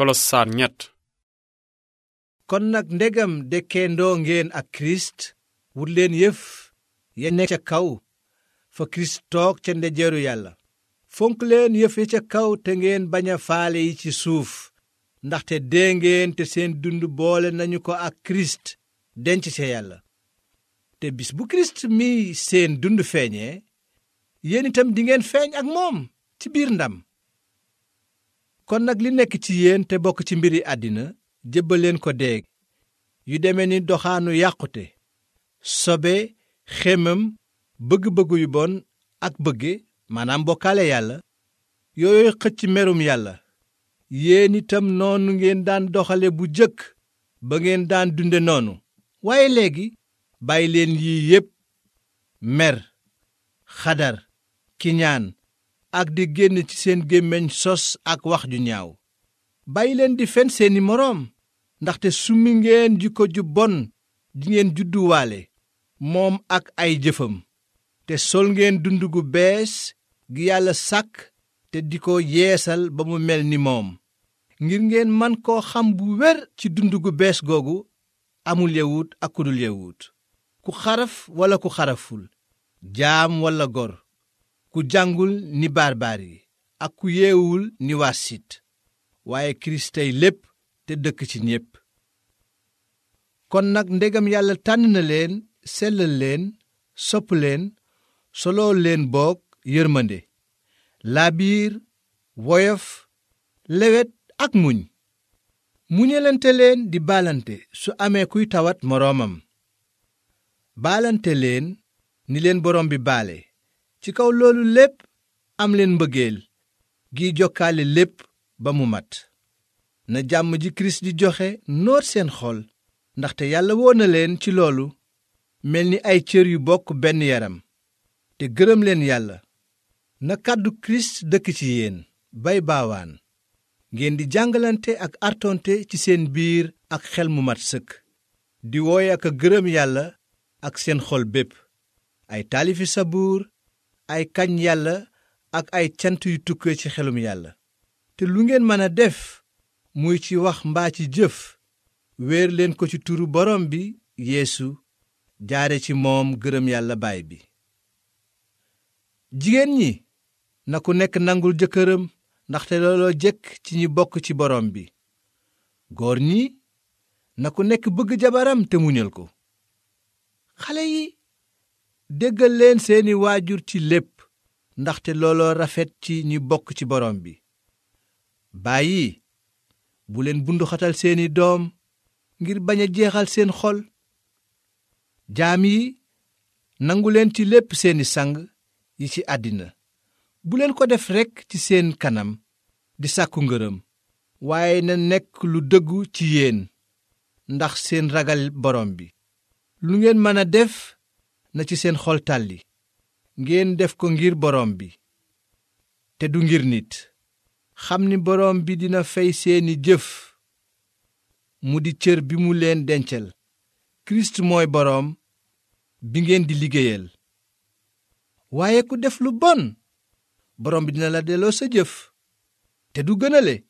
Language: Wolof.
Kolossaar ñett kon nag ndegam dekkeendoo ngeen ak kirist wut leen yëf ya nekk ca kaw fa kirist toog ca ndejeeru yàlla fonk leen yëf ya ca kaw te ngeen baña a faale yi ci suuf ndaxte dee ngeen te seen dund boole nañu ko ak kirist denc ca yàlla te bis bu kirist mi seen dund feeñee yéen itam dingeen feeñ ak moom ci biir ndam kon nag li nekk ci yéen te bokk ci mbiri àddina jëbbaleen ko dee yu deme ni doxaanu yàqute sobe xemam bëgg-bëgg yu bon ak bëgge maanaam bokkaale yàlla yooyu xëcc merum yàlla yéen itam noonu ngeen daan doxale bu jëkk ba ngeen daan dunde noonu waaye léegi bàyyi leen yii yépp mer xadar kiñaan ak di génn ci seen gémmiñ sos ak wax ju ñaaw bàyyi leen di fen seeni moroom ndaxte summi ngeen jikko ju bon di ngeen judduwaale moom ak ay jëfam te sol ngeen dund gu bees gi yàlla sàkk te di ko yeesal ba mu mel ni moom ngir ngeen man koo xam bu wér ci dund gu bees googu amul yawut ak kudul yawut ku xaraf walla ku xaraful jaam walla gor ku jàngul ni barbaar yi ak waaye kiristey lépp te dëkk ci ñépp kon nag ndegam yàlla tànn na leen sellal leen sopp leen soloo leen boog yërmande laabiir woyof lewet ak muñ muñalante leen di baalante su amee kuy tawat moroomam baalante leen ni leen borom bi baale ci kaw loolu lépp am leen mbëggeel gi jokkaale lépp ba mu mat na jàmm ji kirist di joxe noor seen xol ndaxte yàlla woon na leen ci loolu mel ni ay cër yu bokk benn yaram te gërëm leen yàlla na kàddu kirist dëkk ci yéen bay baawaan ngeen di jàngalante ak artonte ci seen biir ak xel mu mat sëkk di wooye ak a gërëm yàlla ak seen xol bépp ay taalifi sabuur ay kañ yàlla ak ay cant yu tukkee ci xelum yàlla te lu ngeen mëna def muy ci wax mbaa ci jëf wéer leen ko ci turu borom bi yeesu jaare ci moom gërëm yàlla baay bi jigéen ñi na ku nekk nangul jëkkëram ndaxte looloo jekk ci ñi bokk ci borom bi góor ñi na ku nekk bëgg jabaram te muñal ko déggal leen seeni waajur ci lépp ndaxte looloo rafet ci ñi bokk ci borom bi bàyyi bu leen bunduxatal seeni doom ngir bañ a jeexal seen xol jaam yi nangu leen ci lépp seeni sang yi ci àddina bu leen ko def rekk ci seen kanam di sàkku ngërëm waaye na nekk lu dëggu ci yéen ndax seen ragal borom bi lu ngeen mën a def na ci seen xol tàlli ngeen def ko ngir boroom bi te du ngir nit xam ni boroom bi dina fay seeni jëf mu di cër bi mu leen dencal kirist mooy boroom bi ngeen di liggéeyal waaye ku def lu bon boroom bi dina la delloo sa jëf te du gënale